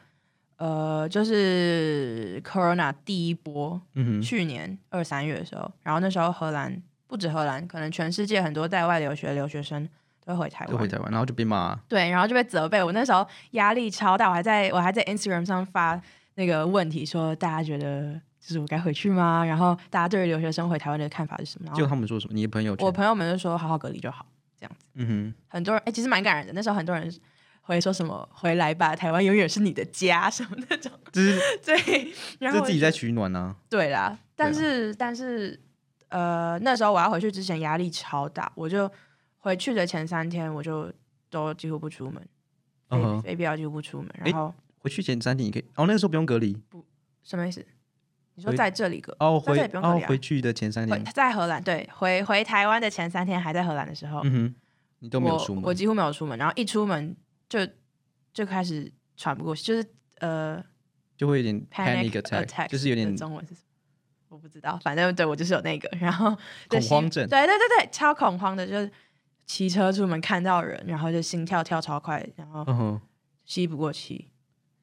呃，就是 corona 第一波、嗯，去年二三月的時候，然後那時候荷蘭不止荷蘭，可能全世界很多在外留學的留學生。都回台灣，都回台灣，然後就被罵、啊。對，然後就被責備。我那時候壓力超大，我還在我還在 Instagram 上發那個問題說，大家覺得就是我該回去嗎？然後大家對於留學生回台灣的看法是什麼？就他們說什麼？你的朋友？我朋友們就說好好隔離就好，這樣子。嗯哼，很多人哎、欸，其實蠻感人的。那時候很多人會說什麼“回來吧，台灣永遠是你的家”什麼那種。就是 對，然後就自己在取暖呢、啊。對啦，但是、啊、但是呃，那時候我要回去之前壓力超大，我就。回去的前三天，我就都幾乎不出門，非必要幾乎不出門。然後、欸、回去前三天，你可以哦，那個時候不用隔離，不，什麼意思？你說在這裡隔回哦，回這裡不用隔離、啊哦。回去了前回回回的前三天，在荷蘭，對，回回台灣的前三天，還在荷蘭的時候，嗯哼，你都沒有出門我，我幾乎沒有出門，然後一出門就就開始喘不過氣，就是呃，就會有點 panic, panic attack, attack，就是有點中文是什麼？我不知道，反正對我就是有那個，然後恐慌症，對對對對，超恐慌的，就是。騎車出門看到人，然後就心跳跳超快，然後吸不過氣、嗯。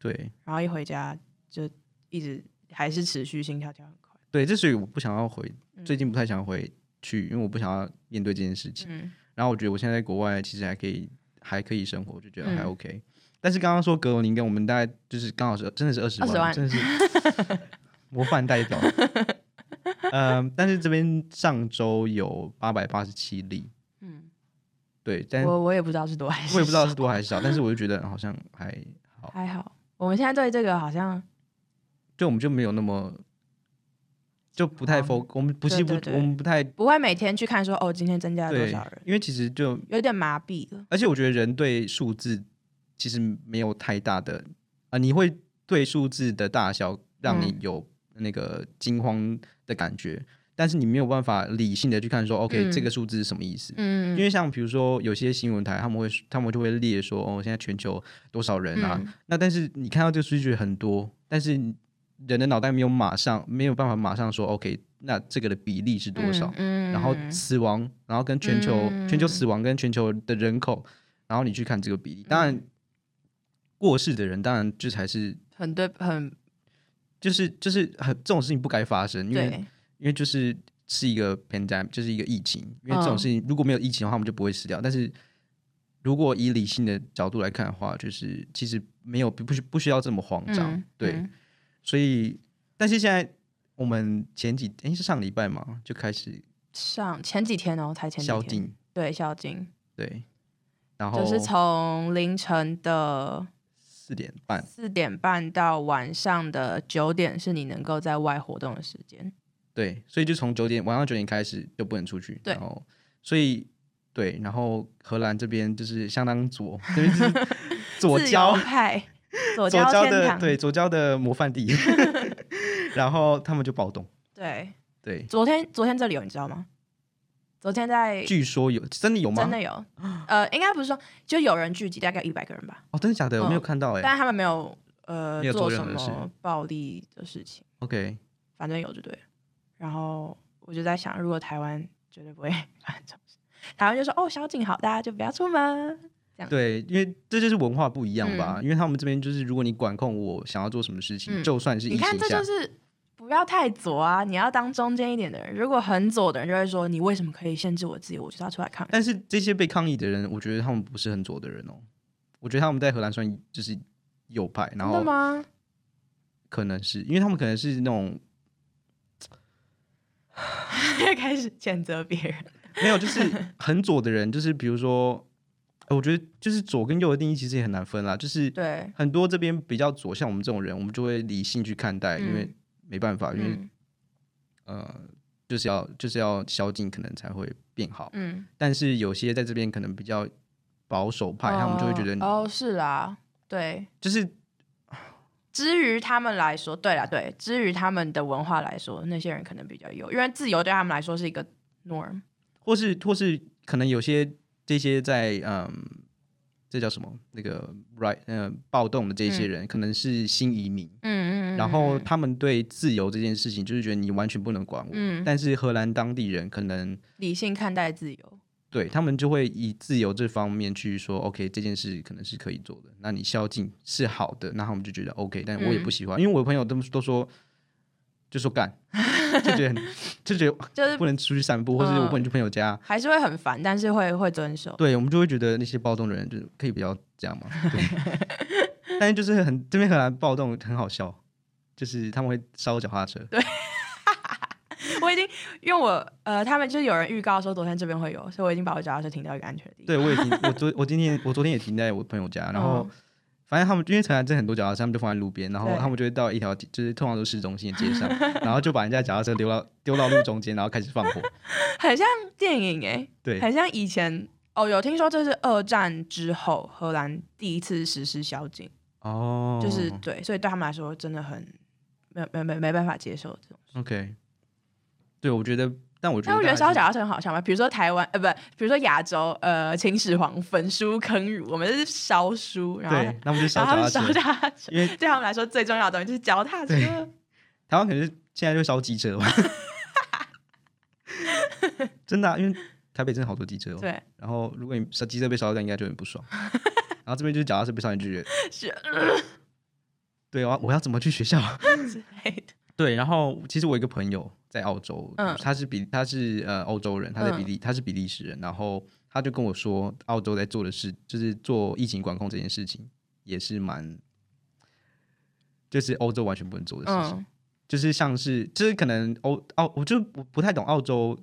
對，然後一回家就一直還是持續心跳跳很快。對，這所以我不想要回、嗯，最近不太想回去，因為我不想要面對這件事情、嗯。然後我覺得我現在在國外其實還可以，還可以生活，就覺得還 OK。嗯、但是剛剛說格羅寧根我們大概就是剛好是真的是二十萬,萬，真的是 我半帶代表。嗯、 呃，但是這邊上週有八百八十七例。對，但我我也不知道是多還是， 我也不知道是多還是少，但是我就覺得好像還好，還好。我們現在對這個好像，就我們就沒有那麼，就不太 focus，、啊、我們不是不對，對對，我們不太不會每天去看說哦，今天增加了多少人，因為其實就有點麻痹了。而且我覺得人對數字其實沒有太大的啊、呃，你會對數字的大小讓你有那個驚慌的感覺。嗯但是你沒有辦法理性的去看說，OK，、嗯、這個數字是什麼意思？嗯、因為像比如說有些新聞台他們會，他們就會列說，哦，現在全球多少人啊？嗯、那但是你看到這個數據很多，但是人的腦袋沒有馬上沒有辦法馬上說，OK，那這個的比例是多少？嗯嗯、然後死亡，然後跟全球、嗯、全球死亡跟全球的人口，然後你去看這個比例，當然、嗯、過世的人當然這才是很對，很就是就是很這種事情，不該發生，對因為。因為就是是一個 pandemic，就是一個疫情。因為這種事情如果沒有疫情的話，我們就不會死掉。嗯、但是如果以理性的角度來看的話，就是其實沒有不不不需要這麼慌張。嗯、對，嗯、所以但是現在我們前幾天、欸、是上禮拜嘛，就開始上前幾天哦，才前幾天。宵禁對宵禁對。然後就是從凌晨的四點半，四點半到晚上的九點，是你能夠在外活動的時間。對，所以就從九點晚上九點開始就不能出去。對，然後所以對，然後荷蘭這邊就是相當左， 左左膠派，左膠的對，左膠的模範地。 然後他們就暴動。對對，昨天昨天這裡有你知道嗎？昨天在據說有真的有嗎？真的有，呃，應該不是說就有人聚集，大概一百個人吧。哦，真的假的？嗯、我沒有看到哎、欸。但是他們沒有呃沒有做什麼暴力的事情。OK，反正有就對了。然後我就在想，如果台灣絕對不會，台灣就說哦，小景好，大家就不要出門。對，因為這就是文化不一樣吧？嗯、因為他們這邊就是，如果你管控我想要做什麼事情，嗯、就算是疫情下，你看這就是不要太左啊！你要當中間一點的人，如果很左的人就會說，你為什麼可以限制我自己？我就要出來抗議。但是這些被抗議的人，我覺得他們不是很左的人哦。我覺得他們在荷蘭算就是右派，然後嗎？可能是因為他們可能是那種。也 開始譴責別人 ，沒有，就是很左的人，就是比如說，我覺得就是左跟右的定義其實也很難分啦，就是對很多這邊比較左，像我們這種人，我們就會理性去看待，因為沒辦法，嗯、因為、嗯、呃，就是要就是要宵禁可能才會變好，嗯，但是有些在這邊可能比較保守派，哦、他們就會覺得哦，是啦，對，就是。至於他們來說，對啦，對，至於他們的文化來說，那些人可能比較有，因為自由對他們來說是一個 norm，或是或是可能有些這些在嗯，這叫什麼那個 right 嗯、呃、暴動的這些人、嗯，可能是新移民，嗯嗯，然後他們對自由這件事情就是覺得你完全不能管我，嗯，但是荷蘭當地人可能理性看待自由。對他們就會以自由這方面去說，OK，這件事可能是可以做的。那你宵禁是好的，那他們就覺得 OK。但我也不喜歡，嗯、因為我的朋友都都說，就說幹，就覺得很，就覺得就是 不能出去散步，或者我不能去朋友家、嗯，還是會很煩，但是會會遵守。對，我們就會覺得那些暴動的人就是可以比較這樣嘛。對。 但是就是很這邊很難暴動，很好笑，就是他們會燒腳踏車。對。已經，因為我呃，他們就是有人預告說昨天這邊會有，所以我已經把我腳踏車停到一個安全的地方。對，我已經我昨我今天我昨天也停在我朋友家，然後、哦、反正他們因為荷蘭真很多腳踏車，他們就放在路邊，然後他們就會到一條就是通常都是市中心的街上， 然後就把人家腳踏車丟到丟到路中間，然後開始放火，很像電影哎、欸，對，很像以前哦，有聽說這是二戰之後荷蘭第一次實施宵禁哦，就是對，所以對他們來說真的很沒有沒沒沒辦法接受這種，OK。對，我覺得，但我覺得得燒腳踏車很好笑吧？比如說台灣，呃，不，比如說亞洲，呃，秦始皇焚書坑儒，我們就是燒書，然後我們燒腳踏，踏車，因為對他們來說最重要的東西就是腳踏車。台灣可能是現在就燒機車嘛，哦， 真的，啊，因為台北真的好多機車哦。對，然後如果你燒機車被燒掉，應該就很不爽。 然後這邊就是腳踏車被燒，很拒絕。是，呃、對啊，哦，我要怎麼去學校，啊 對，然後其實我一個朋友在澳洲，嗯、他是比他是呃歐洲人，他在比利、嗯、他是比利時人，然後他就跟我說，澳洲在做的事就是做疫情管控這件事情，也是蠻，就是歐洲完全不能做的事情，嗯、就是像是就是可能歐澳，我就不不太懂澳洲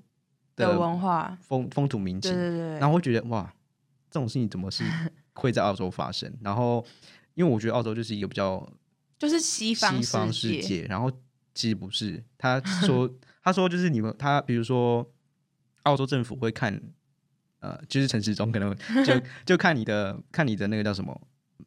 的、的文化風風土民情，對，對對，然後我覺得哇，這種事情怎麼是會在澳洲發生？ 然後因為我覺得澳洲就是一個比較就是西方西方世界，然後。其實不是，他說，他說就是你們，他比如說，澳洲政府會看，呃，就是陳時中可能會就就看你的看你的那個叫什麼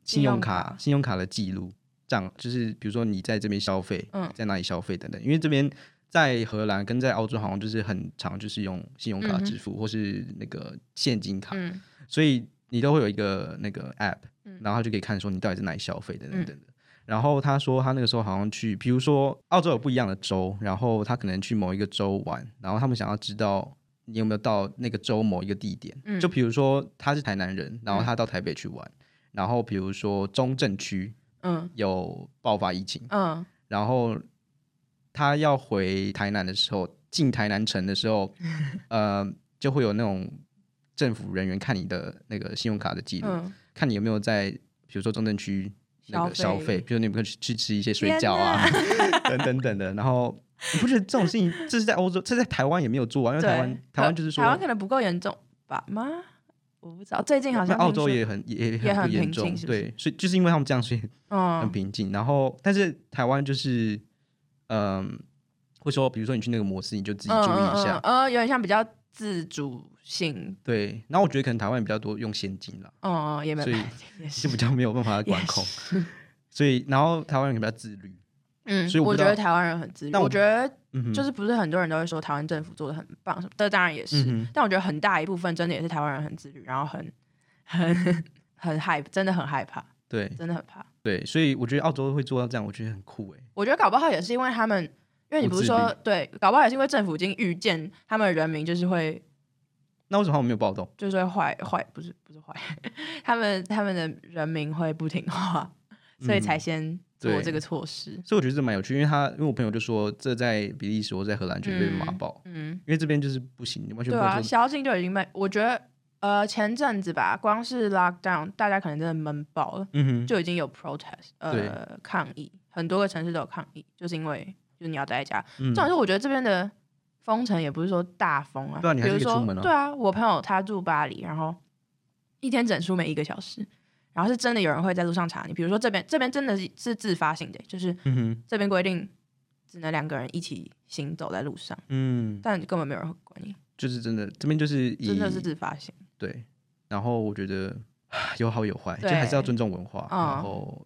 信用，信用卡，信用卡的記錄，這樣就是比如說你在這邊消費，嗯，在哪裡消費等等，因為這邊在荷蘭跟在澳洲好像就是很常就是用信用卡支付，嗯，或是那個現金卡，嗯，所以你都會有一個那個 app，然後就可以看說你到底是哪裡消費等等等等。嗯然後他說，他那個時候好像去，比如說澳洲有不一樣的州，然後他可能去某一個州玩，然後他們想要知道你有沒有到那個州某一個地點，嗯、就比如說他是台南人，然後他到台北去玩，嗯、然後比如說中正區，嗯，有爆發疫情，嗯，嗯，然後他要回台南的時候，進台南城的時候，嗯呃、就會有那種政府人員看你的那個信用卡的記錄、嗯，看你有沒有在，比如說中正區。那個消費，比如你們去去吃一些水餃啊， 等，等等等的，然後你不覺得這種事情，這是在歐洲，這在台灣也沒有做啊，因為台灣台灣就是說，台灣可能不夠嚴重吧嗎？我不知道，最近好像澳洲也很也很嚴重很是不是，對，所以就是因為他們這樣所以，嗯，很平靜。然後但是台灣就是，嗯，會說，比如說你去那個模式，你就自己注意一下，呃、嗯嗯嗯嗯，有點像比較自主。信對，然後我覺得可能台灣人比較多用現金了，哦哦，所以就比較沒有辦法管控， 所以然後台灣人比較自律，嗯，所以我，我覺得台灣人很自律。那我，我覺得就是不是很多人都會說台灣政府做得很棒什麼，這當然也是、嗯，但我覺得很大一部分真的也是台灣人很自律，然後很很很害，真的很害怕，對，真的很怕，對，所以我覺得澳洲會做到這樣，我覺得很酷哎、欸。我覺得搞不好也是因為他們，因為你不是說對，搞不好也是因為政府已經預見他們的人民就是會。那為什麼我沒有暴動？就是壞壞不是不是壞，他們他們的人民會不聽話，嗯，所以才先做這個措施。所以我覺得這蠻有趣，因為他因為我朋友就說，這在比利時或在荷蘭絕對罵爆。嗯，因為這邊就是不行，完全不，就是，對啊，小心就已經被我覺得呃前陣子吧，光是 lock down，大家可能真的悶爆了，嗯哼，就已經有 protest，呃抗議，很多個城市都有抗議，就是因為就是你要待在家。嗯，重要是我覺得這邊的。封城也不是說大封啊，啊，啊，比如說，對啊，我朋友他住巴黎，然後一天只能出門一個小時，然後是真的有人會在路上查你。比如說這邊，這邊真的是是自發性的，就是這邊規定只能兩個人一起行走在路上，嗯，但根本沒有人管你，就是真的，這邊就是真的是自發性。對，然後我覺得有好有壞，就還是要尊重文化。嗯、然後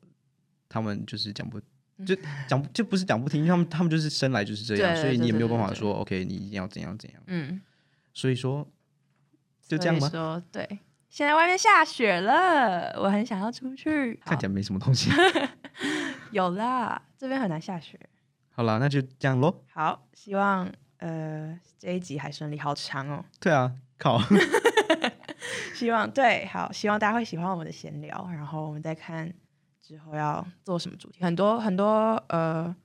他們就是講不。就講就不是講不聽，因為他們他們就是生來就是這樣，所以你也沒有辦法說對對對對對對 OK，你一定要怎樣怎樣。嗯，所以說就這樣嗎？說對，現在外面下雪了，我很想要出去。看起來沒什麼東西。 有啦，這邊很難下雪。好啦，那就這樣咯。好，希望呃這一集還順利，好長哦。對啊，靠。 希望對，好，希望大家會喜歡我們的閒聊，然後我們再看。之後要做什麼主題？很多很多，呃，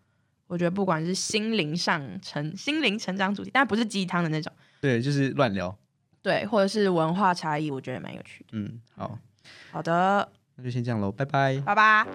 我覺得不管是心靈上成心靈成長主題，但不是雞湯的那種，對，就是亂聊，對，或者是文化差異，我覺得蠻有趣的。嗯，好，好的，那就先這樣嘍，拜拜，拜拜。